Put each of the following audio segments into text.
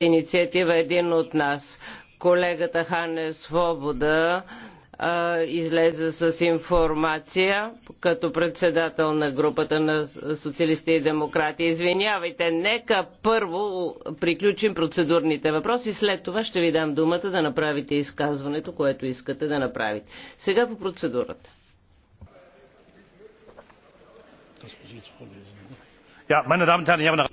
инициатива един от нас. Колегата Хане Свобода а, излезе с информация като председател на групата на социалисти и демократи. Извинявайте, нека първо приключим процедурните въпроси, след това ще ви дам думата да направите изказването, което искате да направите. Сега по процедурата. Господин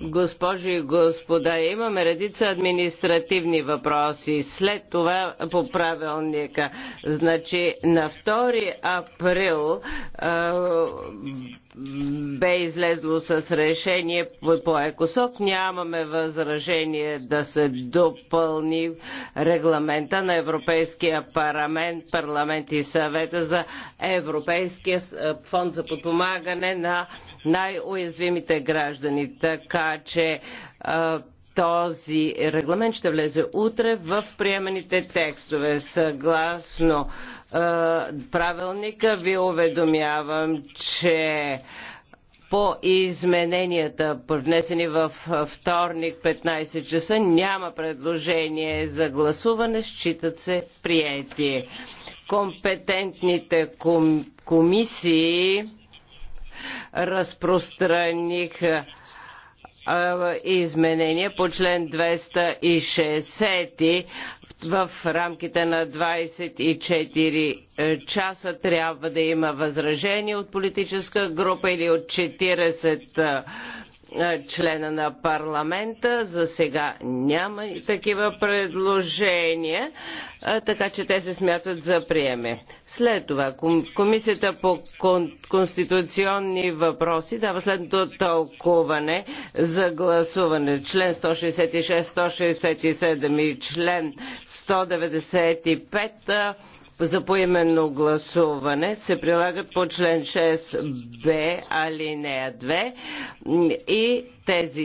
Госпожи и господа, имаме редица административни въпроси. След това по правилника. Значи на 2 април бе излезло с решение по ЕКОСОК. Нямаме възражение да се допълни регламента на Европейския парламент, парламент и съвета за Европейския фонд за подпомагане на най-уязвимите граждани граждани. Така че този регламент ще влезе утре в приемените текстове. Съгласно а, правилника ви уведомявам, че по измененията, внесени в вторник 15 часа, няма предложение за гласуване, считат се приети. Компетентните ком- комисии разпространих изменения по член 260 в рамките на 24 часа трябва да има възражение от политическа група или от 40 члена на парламента. За сега няма и такива предложения, така че те се смятат за приеме. След това Комисията по конституционни въпроси дава следното тълкуване за гласуване. Член 166, 167 и член 195 за поименно гласуване се прилагат по член 6б алинея 2 и тези